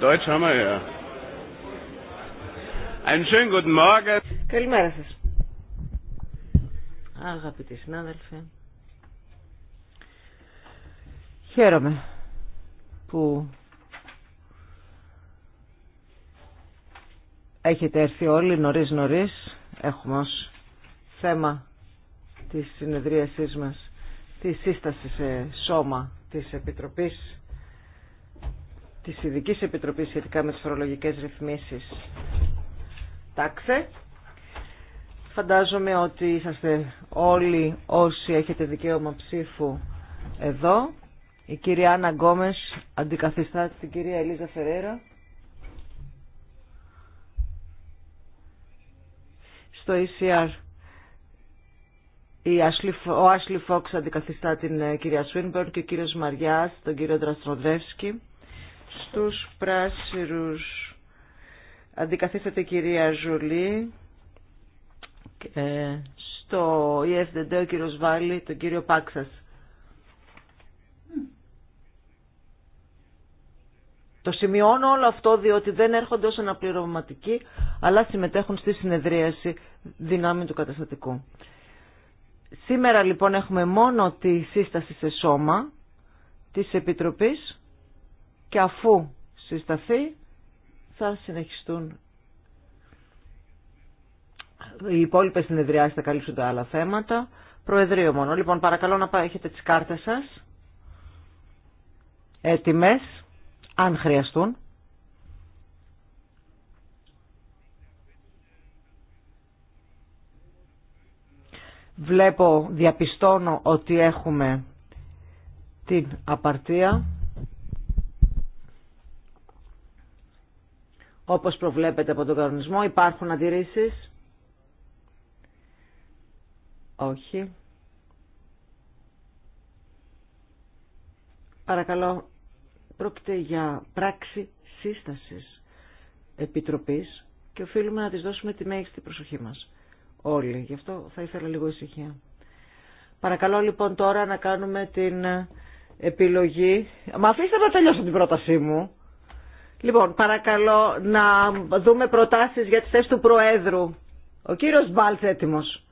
Deutsch haben wir Einen schönen guten Morgen. Καλημέρα σας. Αγαπητοί συνάδελφοι. Χαίρομαι που έχετε έρθει όλοι νωρίς νωρίς. Έχουμε ως θέμα της συνεδρίασής μας τη σύσταση σε σώμα της Επιτροπής τη ειδική Επιτροπή σχετικά με τις φορολογικές ρυθμίσεις τάξε. Φαντάζομαι ότι είσαστε όλοι όσοι έχετε δικαίωμα ψήφου εδώ. Η κυρία Άννα Γκόμες αντικαθιστά την κυρία Ελίζα Φερέρα. Στο ECR ο Άσλι Φόξ αντικαθιστά την ε, κυρία Σουίνμπερν και ο κύριος Μαριά, τον κύριο Δραστροδεύσκη. Στους πράσιρους αντικαθίσταται η κυρία Ζουλή ε, στο EFDD ο κύριος Βάλλη, τον κύριο Πάξας. Το σημειώνω όλο αυτό διότι δεν έρχονται ως αναπληρωματικοί αλλά συμμετέχουν στη συνεδρίαση δυνάμει του καταστατικού. Σήμερα λοιπόν έχουμε μόνο τη σύσταση σε σώμα της Επιτροπής και αφού συσταθεί θα συνεχιστούν οι υπόλοιπε συνεδριάσεις θα καλύψουν τα άλλα θέματα. Προεδρείο μόνο. Λοιπόν, παρακαλώ να έχετε τις κάρτες σας έτοιμες, αν χρειαστούν. Βλέπω, διαπιστώνω ότι έχουμε την απαρτία. όπως προβλέπετε από τον κανονισμό. Υπάρχουν αντιρρήσεις. Όχι. Παρακαλώ, πρόκειται για πράξη σύστασης επιτροπής και οφείλουμε να της δώσουμε τη μέγιστη προσοχή μας. Όλοι. Γι' αυτό θα ήθελα λίγο ησυχία. Παρακαλώ λοιπόν τώρα να κάνουμε την επιλογή. Μα αφήστε να τελειώσω την πρότασή μου. Λοιπόν, παρακαλώ να δούμε προτάσεις για τη θέση του Προέδρου. Ο κύριος Μπάλτς έτοιμος.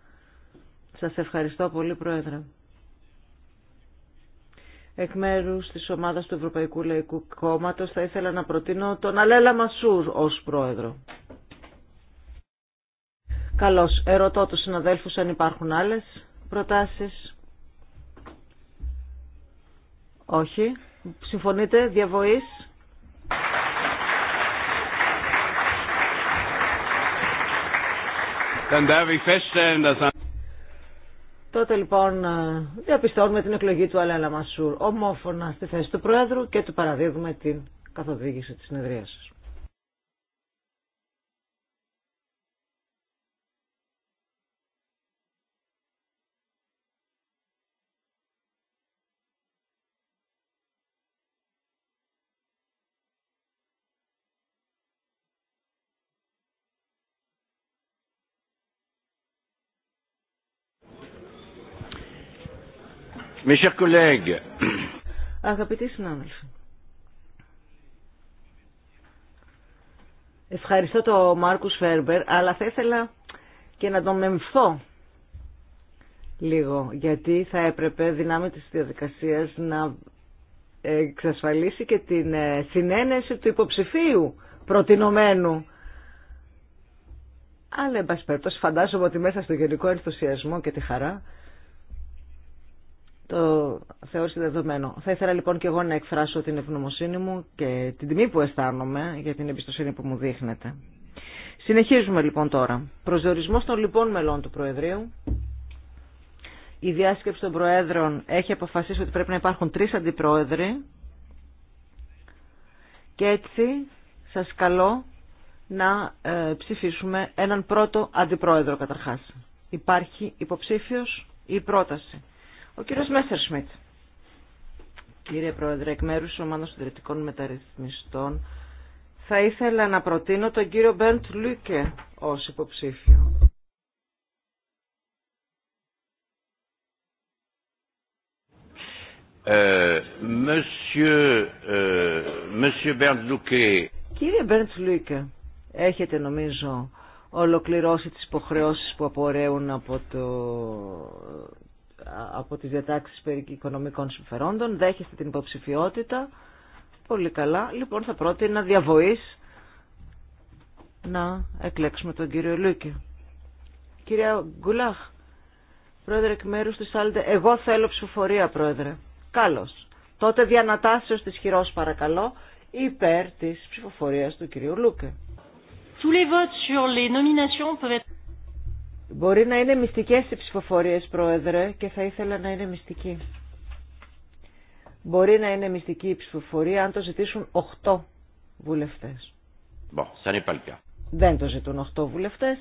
Σας ευχαριστώ πολύ, Πρόεδρε. Εκ μέρου τη ομάδα του Ευρωπαϊκού Λαϊκού Κόμματο θα ήθελα να προτείνω τον Αλέλα Μασούρ ω πρόεδρο. Καλώ. Ερωτώ του συναδέλφου αν υπάρχουν άλλε προτάσεις. Όχι. Συμφωνείτε, διαβοή. Τότε λοιπόν ε, διαπιστώνουμε την εκλογή του Αλέλα Μασούρ ομόφωνα στη θέση του Πρόεδρου και του παραδίδουμε την καθοδήγηση της συνεδρίασης. Αγαπητοί συνάδελφοι. Ευχαριστώ τον Μάρκους Φέρμπερ, αλλά θα ήθελα και να τον μεμφθώ λίγο, γιατί θα έπρεπε δυνάμει της διαδικασίας να εξασφαλίσει και την ε, συνένεση του υποψηφίου προτινομένου. Αλλά, εν πάση φαντάζομαι ότι μέσα στο γενικό ενθουσιασμό και τη χαρά το θεώρησε δεδομένο. Θα ήθελα λοιπόν και εγώ να εκφράσω την ευγνωμοσύνη μου και την τιμή που αισθάνομαι για την εμπιστοσύνη που μου δείχνετε. Συνεχίζουμε λοιπόν τώρα. Προσδιορισμός των λοιπόν μελών του Προεδρείου. Η διάσκεψη των Προέδρων έχει αποφασίσει ότι πρέπει να υπάρχουν τρεις αντιπρόεδροι και έτσι σας καλώ να ε, ψηφίσουμε έναν πρώτο αντιπρόεδρο καταρχάς. Υπάρχει υποψήφιος ή πρόταση. Ο κύριο Μέσσερ Σμιτ. Κύριε Πρόεδρε, εκ μέρου τη Ομάδα Συντηρητικών Μεταρρυθμιστών, θα ήθελα να προτείνω τον κύριο Μπέρντ Λούκε ω υποψήφιο. Ε, ε, Κύριε Μπέρντ Λούκε, έχετε νομίζω ολοκληρώσει τις υποχρεώσεις που απορρέουν από το από τις διατάξεις περί οικονομικών συμφερόντων, δέχεστε την υποψηφιότητα. Πολύ καλά. Λοιπόν, θα πρότεινα διαβοής να εκλέξουμε τον κύριο Λούκη. Κυρία Γκουλάχ, πρόεδρε εκ μέρους της Άλντε, εγώ θέλω ψηφοφορία, πρόεδρε. Καλώς. Τότε διανατάσσεως της χειρός, παρακαλώ, υπέρ της ψηφοφορίας του κυρίου Λούκε. Tous sur les nominations Μπορεί να είναι μυστικές οι ψηφοφορίες, Πρόεδρε, και θα ήθελα να είναι μυστική. Μπορεί να είναι μυστική η ψηφοφορία αν το ζητήσουν 8 βουλευτές. σαν Δεν το ζητούν 8 βουλευτές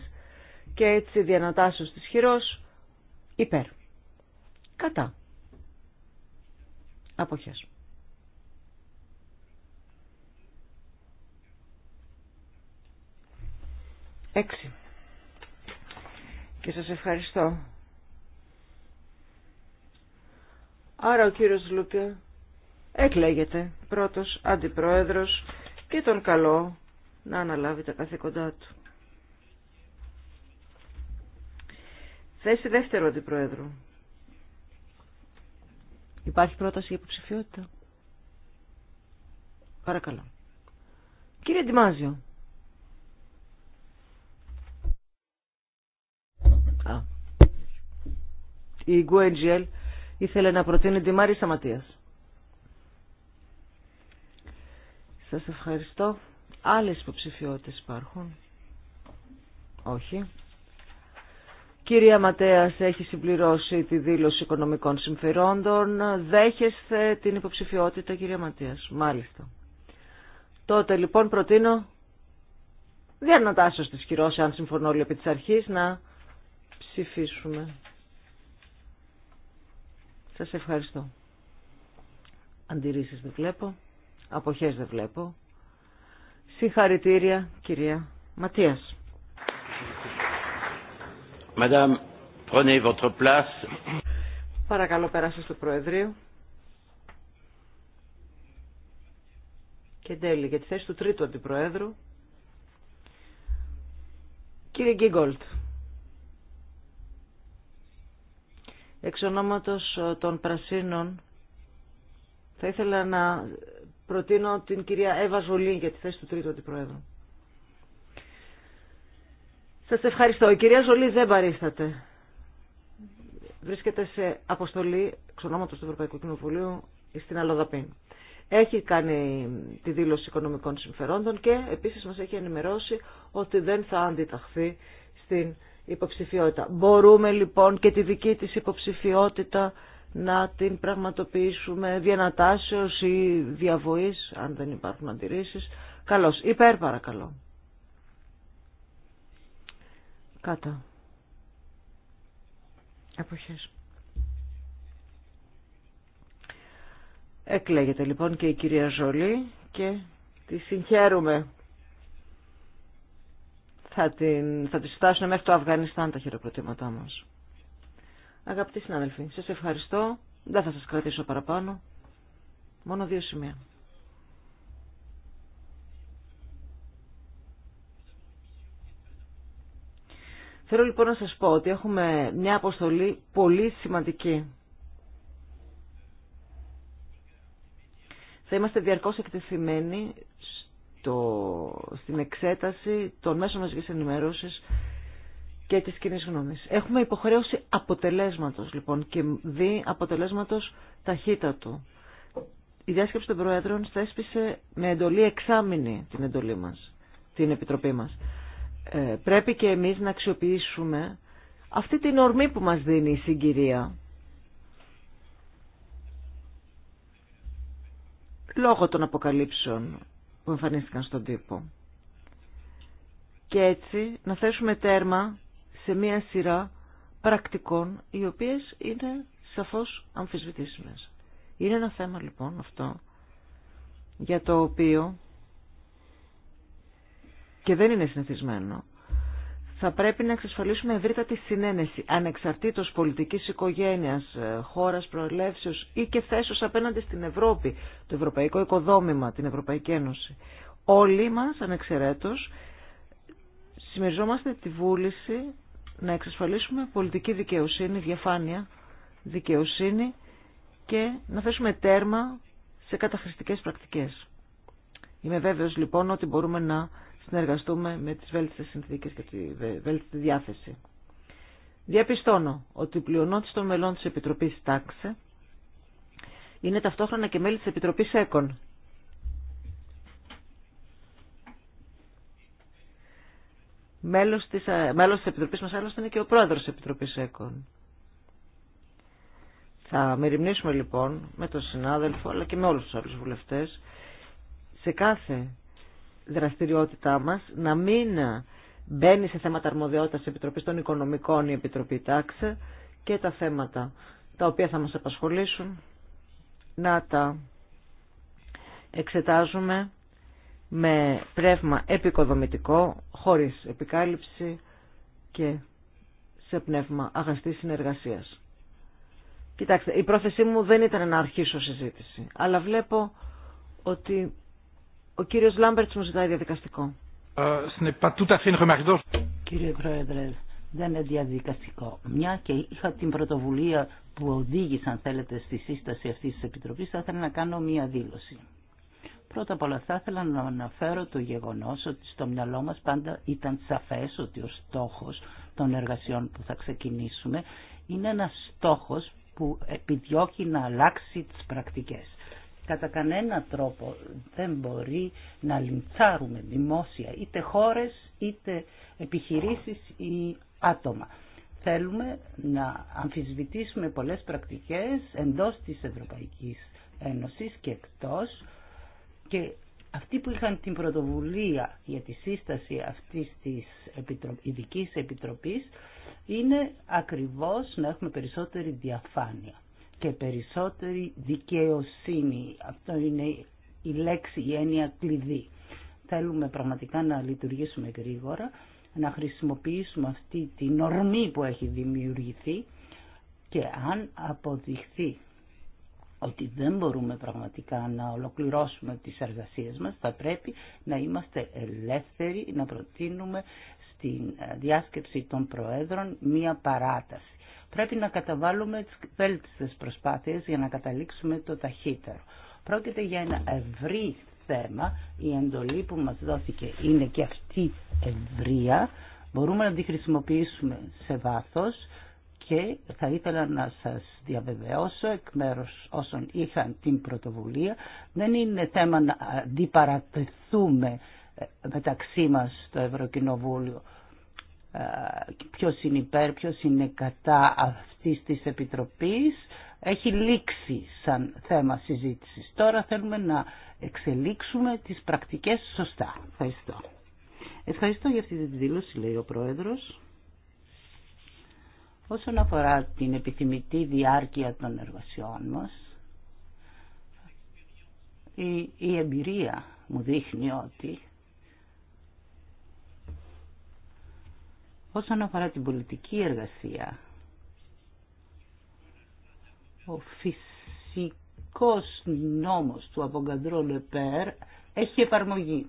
και έτσι διανατάσσεως της χειρός υπέρ. Κατά. Αποχές. Έξι και σας ευχαριστώ. Άρα ο κύριος Λούκε εκλέγεται πρώτος αντιπρόεδρος και τον καλό να αναλάβει τα καθήκοντά του. Θέση δεύτερο αντιπρόεδρο. Υπάρχει πρόταση για υποψηφιότητα. Παρακαλώ. Κύριε Ντιμάζιο. η Γκουέντζιελ ήθελε να προτείνει τη Μάρισα Ματίας. Σας ευχαριστώ. Άλλες υποψηφιότητες υπάρχουν. Όχι. Κυρία Ματέας έχει συμπληρώσει τη δήλωση οικονομικών συμφερόντων. Δέχεστε την υποψηφιότητα, κυρία Ματέας. Μάλιστα. Τότε λοιπόν προτείνω ανατάσσω στις κυρώσεις, αν συμφωνώ όλοι επί της αρχής, να ψηφίσουμε. Σας ευχαριστώ. Αντιρρήσεις δεν βλέπω. Αποχές δεν βλέπω. Συγχαρητήρια, κυρία Ματίας. Madame, prenez votre Παρακαλώ, περάστε στο Προεδρείο. Και τέλει, για τη θέση του τρίτου αντιπροέδρου. Κύριε Γκίγκολτ. Εξ ονόματος ε, των Πρασίνων θα ήθελα να προτείνω την κυρία Εύα Ζολή για τη θέση του τρίτου αντιπρόεδρου. Σας ευχαριστώ. Η κυρία Ζολή δεν παρίσταται. Βρίσκεται σε αποστολή εξ ονόματος του Ευρωπαϊκού Κοινοβουλίου στην Αλοδαπή. Έχει κάνει τη δήλωση οικονομικών συμφερόντων και επίσης μας έχει ενημερώσει ότι δεν θα αντιταχθεί στην υποψηφιότητα. Μπορούμε λοιπόν και τη δική της υποψηφιότητα να την πραγματοποιήσουμε διανατάσεως ή διαβοής, αν δεν υπάρχουν αντιρρήσεις. Καλώς. Υπέρ παρακαλώ. Κάτα. Εποχές. Εκλέγεται λοιπόν και η κυρία Ζολή και τη συγχαίρουμε θα, την, θα τις φτάσουν μέχρι το Αφγανιστάν τα χειροκροτήματά μας. Αγαπητοί συνάδελφοι, σας ευχαριστώ. Δεν θα σας κρατήσω παραπάνω. Μόνο δύο σημεία. Θέλω λοιπόν να σας πω ότι έχουμε μια αποστολή πολύ σημαντική. Θα είμαστε διαρκώς εκτεθειμένοι στην εξέταση των μέσων μαζικής ενημερώσεις και της κοινή γνώμης. Έχουμε υποχρέωση αποτελέσματος λοιπόν και δι αποτελέσματος ταχύτατο. Η διάσκεψη των Προέδρων θέσπισε με εντολή εξάμηνη την εντολή μας, την Επιτροπή μας. Ε, πρέπει και εμείς να αξιοποιήσουμε αυτή την ορμή που μας δίνει η συγκυρία. Λόγω των αποκαλύψεων που εμφανίστηκαν στον τύπο. Και έτσι να θέσουμε τέρμα σε μία σειρά πρακτικών οι οποίες είναι σαφώς αμφισβητήσιμες. Είναι ένα θέμα λοιπόν αυτό για το οποίο και δεν είναι συνηθισμένο θα πρέπει να εξασφαλίσουμε ευρύτατη συνένεση, ανεξαρτήτως πολιτικής οικογένειας, ε, χώρας προελεύσεως ή και θέσεως απέναντι στην Ευρώπη, το ευρωπαϊκό οικοδόμημα, την Ευρωπαϊκή Ένωση. Όλοι μας, ανεξαιρέτως, συμμεριζόμαστε τη βούληση να εξασφαλίσουμε πολιτική δικαιοσύνη, διαφάνεια, δικαιοσύνη και να θέσουμε τέρμα σε καταχρηστικές πρακτικές. Είμαι βέβαιος λοιπόν ότι μπορούμε να συνεργαστούμε με τις βέλτιστες συνθήκες και τη βέλτιστη διάθεση. Διαπιστώνω ότι η πλειονότητα των μελών της Επιτροπής Τάξε είναι ταυτόχρονα και μέλη της Επιτροπής ΕΚΟΝ. Μέλος της, ε, μέλος της Επιτροπής μας άλλωστε είναι και ο πρόεδρος της Επιτροπής ΕΚΟΝ. Θα μεριμνήσουμε λοιπόν με τον συνάδελφο αλλά και με όλους τους άλλους βουλευτές σε κάθε δραστηριότητά μας, να μην μπαίνει σε θέματα αρμοδιότητας της Επιτροπής των Οικονομικών η Επιτροπή Τάξε και τα θέματα τα οποία θα μας απασχολήσουν να τα εξετάζουμε με πνεύμα επικοδομητικό, χωρίς επικάλυψη και σε πνεύμα αγαστής συνεργασίας. Κοιτάξτε, η πρόθεσή μου δεν ήταν να αρχίσω συζήτηση, αλλά βλέπω ότι ο κύριος Λάμπερτς μου ζητάει διαδικαστικό. Ε, Κύριε Πρόεδρε, δεν είναι διαδικαστικό. Μια και είχα την πρωτοβουλία που οδήγησε, αν θέλετε, στη σύσταση αυτής της Επιτροπής, θα ήθελα να κάνω μία δήλωση. Πρώτα απ' όλα θα ήθελα να αναφέρω το γεγονός ότι στο μυαλό μας πάντα ήταν σαφές ότι ο στόχος των εργασιών που θα ξεκινήσουμε είναι ένας στόχος που επιδιώκει να αλλάξει τις πρακτικές. Κατά κανένα τρόπο δεν μπορεί να λιντσάρουμε δημόσια είτε χώρες είτε επιχειρήσεις ή άτομα. Θέλουμε να αμφισβητήσουμε πολλές πρακτικές εντός της Ευρωπαϊκής Ένωσης και εκτός και αυτοί που είχαν την πρωτοβουλία για τη σύσταση αυτής της ειδικής επιτροπής είναι ακριβώς να έχουμε περισσότερη διαφάνεια και περισσότερη δικαιοσύνη. Αυτό είναι η λέξη, η έννοια κλειδί. Θέλουμε πραγματικά να λειτουργήσουμε γρήγορα, να χρησιμοποιήσουμε αυτή την ορμή που έχει δημιουργηθεί και αν αποδειχθεί ότι δεν μπορούμε πραγματικά να ολοκληρώσουμε τις εργασίες μας, θα πρέπει να είμαστε ελεύθεροι να προτείνουμε στην διάσκεψη των Προέδρων μία παράταση πρέπει να καταβάλουμε τις βέλτιστες προσπάθειες για να καταλήξουμε το ταχύτερο. Πρόκειται για ένα ευρύ θέμα, η εντολή που μας δόθηκε είναι και αυτή ευρεία, μπορούμε να τη χρησιμοποιήσουμε σε βάθος και θα ήθελα να σας διαβεβαιώσω εκ μέρους όσων είχαν την πρωτοβουλία, δεν είναι θέμα να αντιπαρατεθούμε μεταξύ μας στο Ευρωκοινοβούλιο. Ε, ποιος είναι υπέρ, ποιος είναι κατά αυτής της Επιτροπής έχει λήξει σαν θέμα συζήτησης. Τώρα θέλουμε να εξελίξουμε τις πρακτικές σωστά. Ευχαριστώ. Ευχαριστώ για αυτή τη δήλωση, λέει ο Πρόεδρος. Όσον αφορά την επιθυμητή διάρκεια των εργασιών μας, η, η εμπειρία μου δείχνει ότι Όσον αφορά την πολιτική εργασία, ο φυσικός νόμος του Απογκαντρό Λεπέρ έχει εφαρμογή.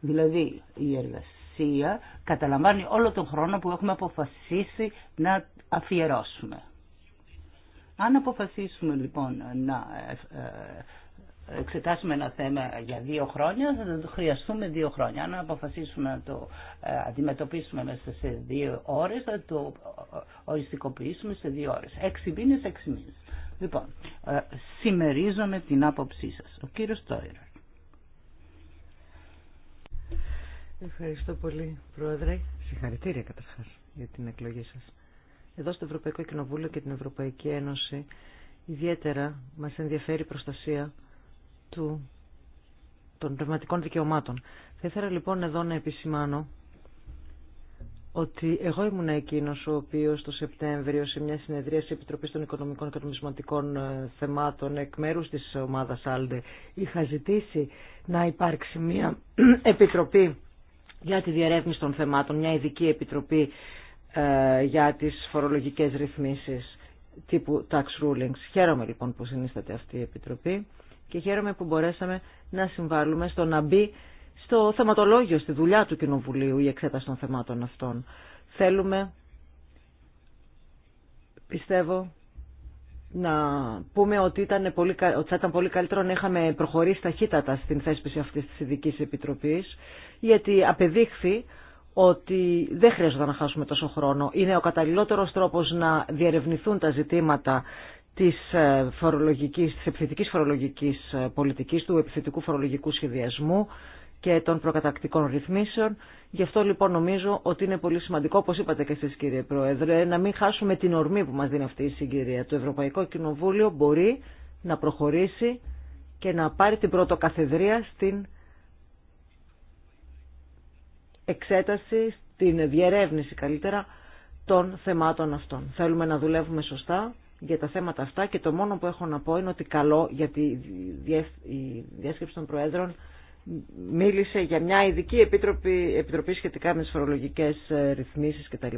Δηλαδή η εργασία καταλαμβάνει όλο τον χρόνο που έχουμε αποφασίσει να αφιερώσουμε. Αν αποφασίσουμε λοιπόν να ε, ε, εξετάσουμε ένα θέμα για δύο χρόνια, θα το χρειαστούμε δύο χρόνια. Αν αποφασίσουμε να το ε, αντιμετωπίσουμε μέσα σε δύο ώρε. θα το ε, οριστικοποιήσουμε σε δύο ώρε. Έξι μήνε, έξι μήνε. Λοιπόν, ε, συμμερίζομαι την άποψή σα. Ο κύριο Τόιρα. Ευχαριστώ πολύ, Πρόεδρε. Συγχαρητήρια καταρχά για την εκλογή σα. Εδώ στο Ευρωπαϊκό Κοινοβούλιο και την Ευρωπαϊκή Ένωση ιδιαίτερα μας ενδιαφέρει η προστασία του, των πνευματικών δικαιωμάτων. Θα ήθελα λοιπόν εδώ να επισημάνω ότι εγώ ήμουν εκείνο ο οποίο το Σεπτέμβριο σε μια συνεδρία τη Επιτροπή των Οικονομικών και Νομισματικών ε, Θεμάτων εκ μέρου τη ομάδα Άλντε είχα ζητήσει να υπάρξει μια επιτροπή για τη διερεύνηση των θεμάτων, μια ειδική επιτροπή ε, για τι φορολογικέ ρυθμίσει τύπου tax rulings. Χαίρομαι λοιπόν που συνίσταται αυτή η επιτροπή και χαίρομαι που μπορέσαμε να συμβάλλουμε στο να μπει στο θεματολόγιο, στη δουλειά του Κοινοβουλίου η εξέταση των θεμάτων αυτών. Θέλουμε, πιστεύω, να πούμε ότι, ήταν πολύ, ότι θα ήταν πολύ καλύτερο να είχαμε προχωρήσει ταχύτατα στην θέσπιση αυτής της ειδική Επιτροπής, γιατί απεδείχθη ότι δεν χρειάζεται να χάσουμε τόσο χρόνο. Είναι ο καταλληλότερος τρόπος να διερευνηθούν τα ζητήματα της, ε, φορολογικής, της επιθετικής φορολογικής ε, πολιτικής, του επιθετικού φορολογικού σχεδιασμού και των προκατακτικών ρυθμίσεων. Γι' αυτό λοιπόν νομίζω ότι είναι πολύ σημαντικό, όπως είπατε και εσείς κύριε Πρόεδρε, να μην χάσουμε την ορμή που μας δίνει αυτή η συγκυρία. Το Ευρωπαϊκό Κοινοβούλιο μπορεί να προχωρήσει και να πάρει την πρωτοκαθεδρία στην εξέταση, στην διερεύνηση καλύτερα των θεμάτων αυτών. Θέλουμε να δουλεύουμε σωστά για τα θέματα αυτά και το μόνο που έχω να πω είναι ότι καλό γιατί η διάσκεψη των Προέδρων μίλησε για μια ειδική επιτροπή, επιτροπή σχετικά με τις φορολογικές ε, ρυθμίσεις κτλ.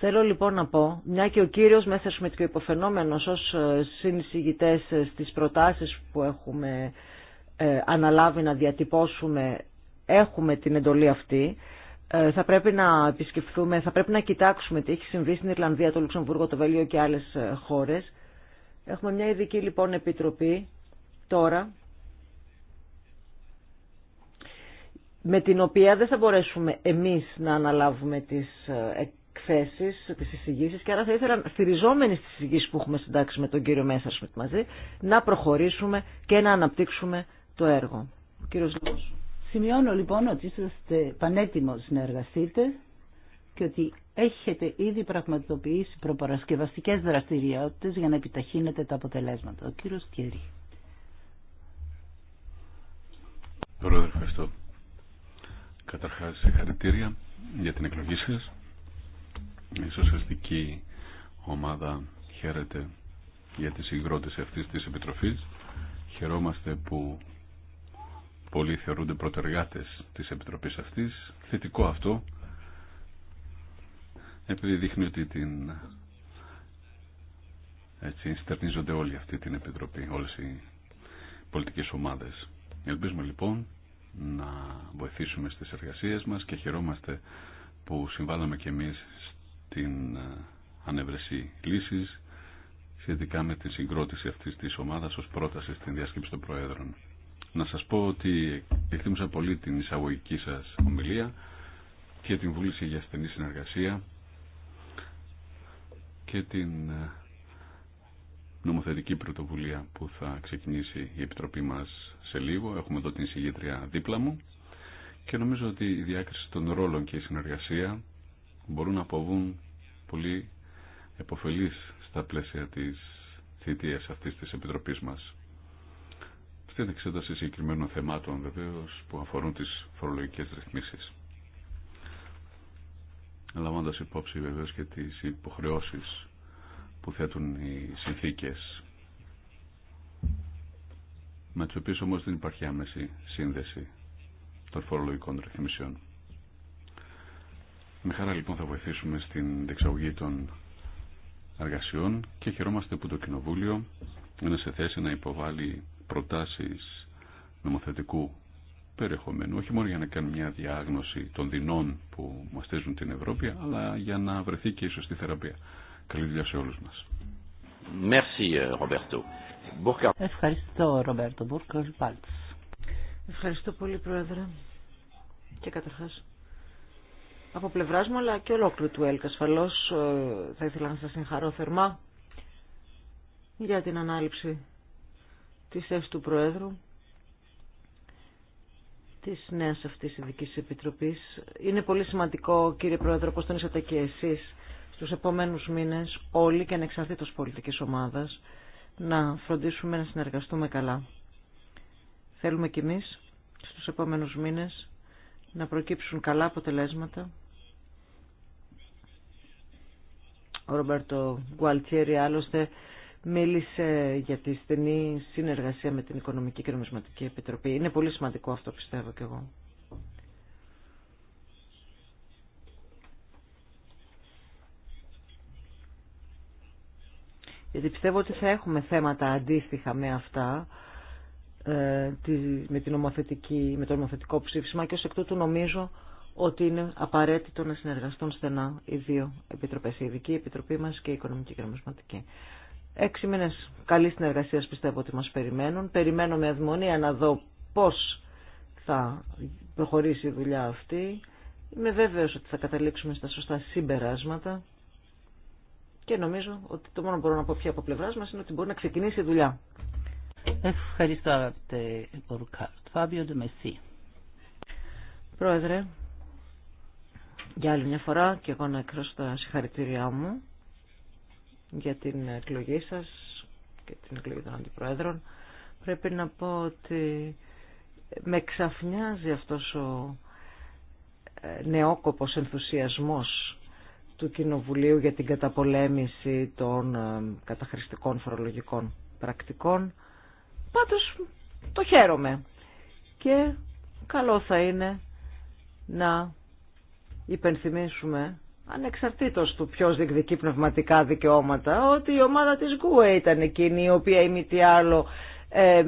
Θέλω λοιπόν να πω, μια και ο κύριος Μέθερ Σμιτ και ο υποφαινόμενος ως ε, συνεισηγητές ε, στις προτάσεις που έχουμε αναλάβει να διατυπώσουμε, έχουμε την εντολή αυτή, ε, θα πρέπει να επισκεφθούμε, θα πρέπει να κοιτάξουμε τι έχει συμβεί στην Ιρλανδία, το Λουξεμβούργο, το Βέλγιο και άλλες ε, χώρε. Έχουμε μια ειδική λοιπόν επιτροπή τώρα, με την οποία δεν θα μπορέσουμε εμείς να αναλάβουμε τις ε, εκθέσεις, τις εισηγήσεις και άρα θα ήθελα στηριζόμενοι στις εισηγήσεις που έχουμε συντάξει με τον κύριο Μέσσαρσμιτ μαζί να προχωρήσουμε και να αναπτύξουμε το έργο. κύριος Λόγος. Σημειώνω λοιπόν ότι είστε πανέτοιμος να εργαστείτε και ότι έχετε ήδη πραγματοποιήσει προπαρασκευαστικές δραστηριότητες για να επιταχύνετε τα αποτελέσματα. Ο κύριος Τιέρη. Πρόεδρε, ευχαριστώ. Καταρχάς, συγχαρητήρια για την εκλογή σας. Η Σωσιαστική ομάδα χαίρεται για τη συγκρότηση αυτής της επιτροφής. Χαιρόμαστε που πολλοί θεωρούνται πρωτεργάτες της Επιτροπής αυτής. Θετικό αυτό, επειδή δείχνει ότι την... έτσι στερνίζονται όλοι αυτή την Επιτροπή, όλες οι πολιτικές ομάδες. Ελπίζουμε λοιπόν να βοηθήσουμε στις εργασίες μας και χαιρόμαστε που συμβάλαμε και εμείς στην ε, ανέβρεση λύσης σχετικά με τη συγκρότηση αυτής της ομάδας ως πρόταση στην διάσκεψη των Προέδρων. Να σας πω ότι εκτίμησα πολύ την εισαγωγική σας ομιλία και την βούληση για στενή συνεργασία και την ε, νομοθετική πρωτοβουλία που θα ξεκινήσει η Επιτροπή μας σε λίγο. Έχουμε εδώ την συγγήτρια δίπλα μου και νομίζω ότι η διάκριση των ρόλων και η συνεργασία μπορούν να αποβούν πολύ επωφελείς στα πλαίσια της θητείας αυτής της Επιτροπής μας στην εξέταση συγκεκριμένων θεμάτων βεβαίω που αφορούν τις φορολογικέ ρυθμίσει. Λαμβάνοντα υπόψη βεβαίω και τι υποχρεώσει που θέτουν οι συνθήκε, με τι οποίε όμω δεν υπάρχει άμεση σύνδεση των φορολογικών ρυθμίσεων. Με χαρά λοιπόν θα βοηθήσουμε στην δεξαγωγή των εργασιών και χαιρόμαστε που το Κοινοβούλιο είναι σε θέση να υποβάλει προτάσεις νομοθετικού περιεχομένου, όχι μόνο για να κάνουμε μια διάγνωση των δεινών που μαστίζουν την Ευρώπη, αλλά για να βρεθεί και η σωστή θεραπεία. Καλή δουλειά σε όλους μας. Ε, Ευχαριστώ, Ρομπέρτο Μπούρκο Ευχαριστώ πολύ, Πρόεδρε. Και καταρχάς, από πλευράς μου, αλλά και ολόκληρου του ΕΛΚ, ασφαλώς ε, θα ήθελα να σας συγχαρώ θερμά για την ανάληψη τη θέση του Προέδρου της νέας αυτής ειδικής επιτροπής. Είναι πολύ σημαντικό, κύριε Πρόεδρο, όπως τονίσατε και εσείς, στους επόμενους μήνες όλοι και ανεξαρτήτως πολιτικής ομάδας να φροντίσουμε να συνεργαστούμε καλά. Θέλουμε κι εμείς στους επόμενους μήνες να προκύψουν καλά αποτελέσματα. Ο Ρομπέρτο Γκουαλτιέρη άλλωστε μίλησε για τη στενή συνεργασία με την Οικονομική και Νομισματική Επιτροπή. Είναι πολύ σημαντικό αυτό πιστεύω κι εγώ. Γιατί πιστεύω ότι θα έχουμε θέματα αντίστοιχα με αυτά ε, με, την με το νομοθετικό ψήφισμα και ως εκ τούτου νομίζω ότι είναι απαραίτητο να συνεργαστούν στενά οι δύο επιτροπές, η Ειδική Επιτροπή μας και η Οικονομική και Νομισματική. Έξι μήνες καλή συνεργασία πιστεύω ότι μας περιμένουν. Περιμένω με αδμονία να δω πώς θα προχωρήσει η δουλειά αυτή. Είμαι βέβαιος ότι θα καταλήξουμε στα σωστά συμπεράσματα και νομίζω ότι το μόνο που μπορώ να πω πια από πλευράς μας είναι ότι μπορεί να ξεκινήσει η δουλειά. Ευχαριστώ αγαπητέ Μπορουκάρτ. Φάβιο Πρόεδρε, για άλλη μια φορά και εγώ να εκφράσω τα συγχαρητήριά μου για την εκλογή σας και την εκλογή των αντιπροέδρων. Πρέπει να πω ότι με ξαφνιάζει αυτός ο ε, νεόκοπος ενθουσιασμός του Κοινοβουλίου για την καταπολέμηση των ε, καταχρηστικών φορολογικών πρακτικών. Πάντως το χαίρομαι και καλό θα είναι να υπενθυμίσουμε ανεξαρτήτως του ποιος διεκδικεί πνευματικά δικαιώματα, ότι η ομάδα της Γκουέ ήταν εκείνη η οποία ή μη τι άλλο ε, ε,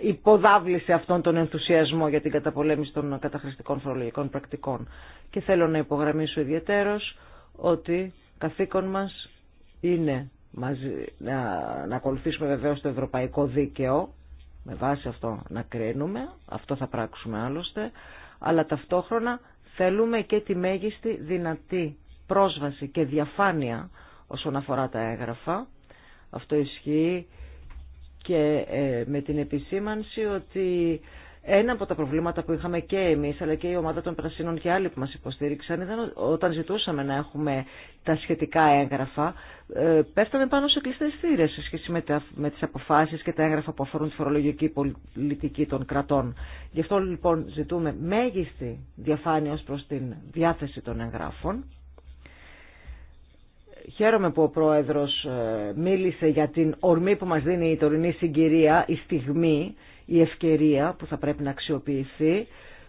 υποδάβλησε αυτόν τον ενθουσιασμό για την καταπολέμηση των καταχρηστικών φορολογικών πρακτικών. Και θέλω να υπογραμμίσω ιδιαίτερος ότι καθήκον μας είναι μαζί, να, να ακολουθήσουμε βεβαίως το ευρωπαϊκό δίκαιο, με βάση αυτό να κρίνουμε, αυτό θα πράξουμε άλλωστε, αλλά ταυτόχρονα θέλουμε και τη μέγιστη δυνατή πρόσβαση και διαφάνεια όσον αφορά τα έγγραφα. Αυτό ισχύει και ε, με την επισήμανση ότι ένα από τα προβλήματα που είχαμε και εμείς αλλά και η ομάδα των Πρασίνων και άλλοι που μας υποστήριξαν ήταν όταν ζητούσαμε να έχουμε τα σχετικά έγγραφα ε, πέφταμε πάνω σε κλειστές θύρες σε σχέση με, τα, με τις αποφάσεις και τα έγγραφα που αφορούν τη φορολογική πολιτική των κρατών. Γι' αυτό λοιπόν ζητούμε μέγιστη διαφάνεια ως προς την διάθεση των εγγράφων Χαίρομαι που ο Πρόεδρος ε, μίλησε για την ορμή που μας δίνει η τωρινή συγκυρία, η στιγμή, η ευκαιρία που θα πρέπει να αξιοποιηθεί.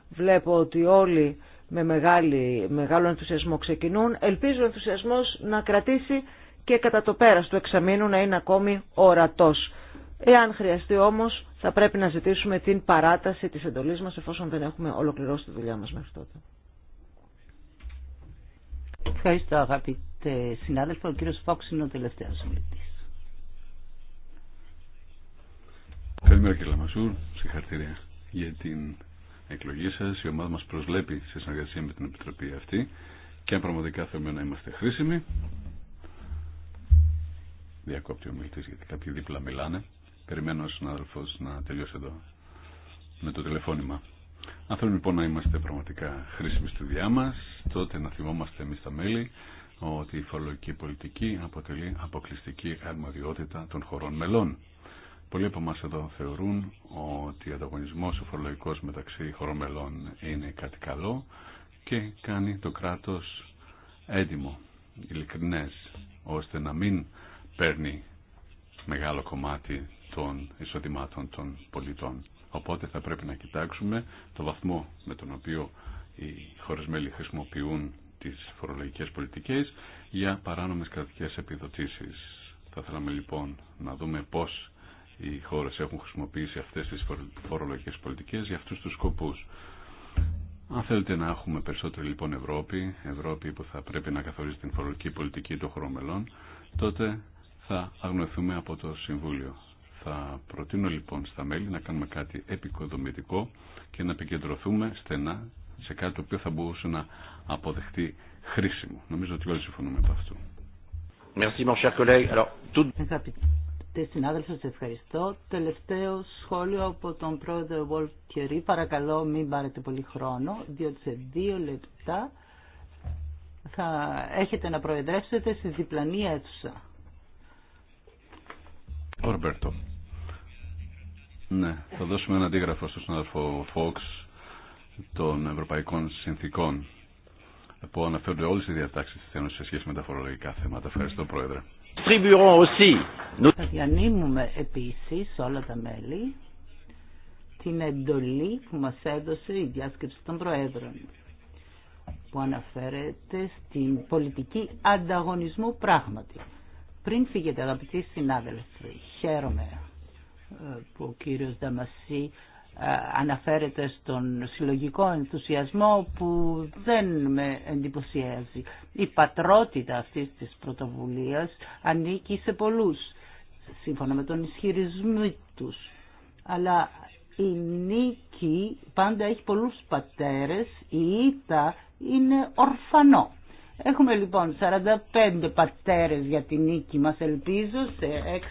Βλέπω ότι όλοι με μεγάλο ενθουσιασμό ξεκινούν. Ελπίζω ο ενθουσιασμός να κρατήσει και κατά το πέρας του εξαμήνου να είναι ακόμη ορατός. Εάν χρειαστεί όμως θα πρέπει να ζητήσουμε την παράταση της εντολής μας εφόσον δεν έχουμε ολοκληρώσει τη δουλειά μας μέχρι τότε. Ευχαριστώ αγαπητοί συνάδελφο, ο κύριο Φόξ είναι ο τελευταίος ομιλητή. Καλημέρα κύριε Λαμασούρ, συγχαρητήρια για την εκλογή σα. Η ομάδα μας προσλέπει σε συνεργασία με την Επιτροπή αυτή και αν πραγματικά θέλουμε να είμαστε χρήσιμοι, διακόπτει ο μιλητής γιατί κάποιοι δίπλα μιλάνε, περιμένω ο συνάδελφο να τελειώσει εδώ με το τηλεφώνημα. Αν θέλουμε λοιπόν να είμαστε πραγματικά χρήσιμοι στη δουλειά μα, τότε να θυμόμαστε εμεί τα μέλη ότι η φορολογική πολιτική αποτελεί αποκλειστική αρμοδιότητα των χωρών μελών. Πολλοί από εμά εδώ θεωρούν ότι ο ανταγωνισμός ο φορολογικό μεταξύ χωρών μελών είναι κάτι καλό και κάνει το κράτος έντιμο, ειλικρινές, ώστε να μην παίρνει μεγάλο κομμάτι των εισοδημάτων των πολιτών. Οπότε θα πρέπει να κοιτάξουμε το βαθμό με τον οποίο οι χωρισμένοι χρησιμοποιούν τις φορολογικές πολιτικές για παράνομες κρατικές επιδοτήσεις. Θα θέλαμε λοιπόν να δούμε πώς οι χώρες έχουν χρησιμοποιήσει αυτές τις φορολογικές πολιτικές για αυτούς τους σκοπούς. Αν θέλετε να έχουμε περισσότερη λοιπόν Ευρώπη, Ευρώπη που θα πρέπει να καθορίζει την φορολογική πολιτική των μελών, τότε θα αγνοηθούμε από το Συμβούλιο. Θα προτείνω λοιπόν στα μέλη να κάνουμε κάτι επικοδομητικό και να επικεντρωθούμε στενά σε κάτι το οποίο θα μπορούσε να αποδεχτεί χρήσιμο. Νομίζω ότι όλοι συμφωνούμε από αυτού. Αγαπητέ συνάδελφοι, σα ευχαριστώ. Τελευταίο σχόλιο από τον πρόεδρο Βολφ Κερή. Παρακαλώ μην πάρετε πολύ χρόνο, διότι σε δύο λεπτά θα έχετε να προεδρεύσετε στη διπλανή αίθουσα. Ναι, θα δώσουμε ένα αντίγραφο στον συνάδελφο Φόξ των ευρωπαϊκών συνθήκων που αναφέρονται όλε οι διατάξει τη Ένωση σε σχέση με τα φορολογικά θέματα. Ευχαριστώ, Πρόεδρε. Θα διανύμουμε επίση όλα τα μέλη την εντολή που μας έδωσε η διάσκεψη των Προέδρων που αναφέρεται στην πολιτική ανταγωνισμού πράγματι. Πριν φύγετε αγαπητοί συνάδελφοι, χαίρομαι ε, που ο κύριος Δαμασί ε, αναφέρεται στον συλλογικό ενθουσιασμό που δεν με εντυπωσιάζει. Η πατρότητα αυτής της πρωτοβουλίας ανήκει σε πολλούς, σύμφωνα με τον ισχυρισμό τους. Αλλά η νίκη πάντα έχει πολλούς πατέρες, η ήττα είναι ορφανό. Έχουμε λοιπόν 45 πατέρες για τη νίκη μας, ελπίζω, σε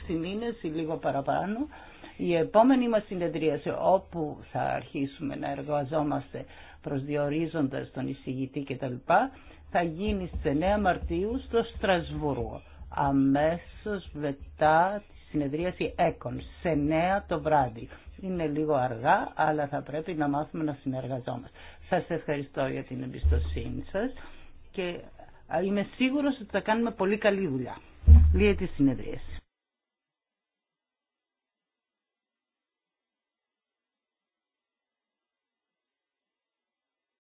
6 μήνες ή λίγο παραπάνω η επόμενη μας συνεδρίαση όπου θα αρχίσουμε να εργαζόμαστε προσδιορίζοντας τον εισηγητή κτλ. θα γίνει στις 9 Μαρτίου στο Στρασβούργο αμέσως μετά τη συνεδρίαση ΕΚΟΝ σε 9 το βράδυ. Είναι λίγο αργά αλλά θα πρέπει να μάθουμε να συνεργαζόμαστε. Σας ευχαριστώ για την εμπιστοσύνη σας και είμαι σίγουρος ότι θα κάνουμε πολύ καλή δουλειά. Λύε τη συνεδρίαση.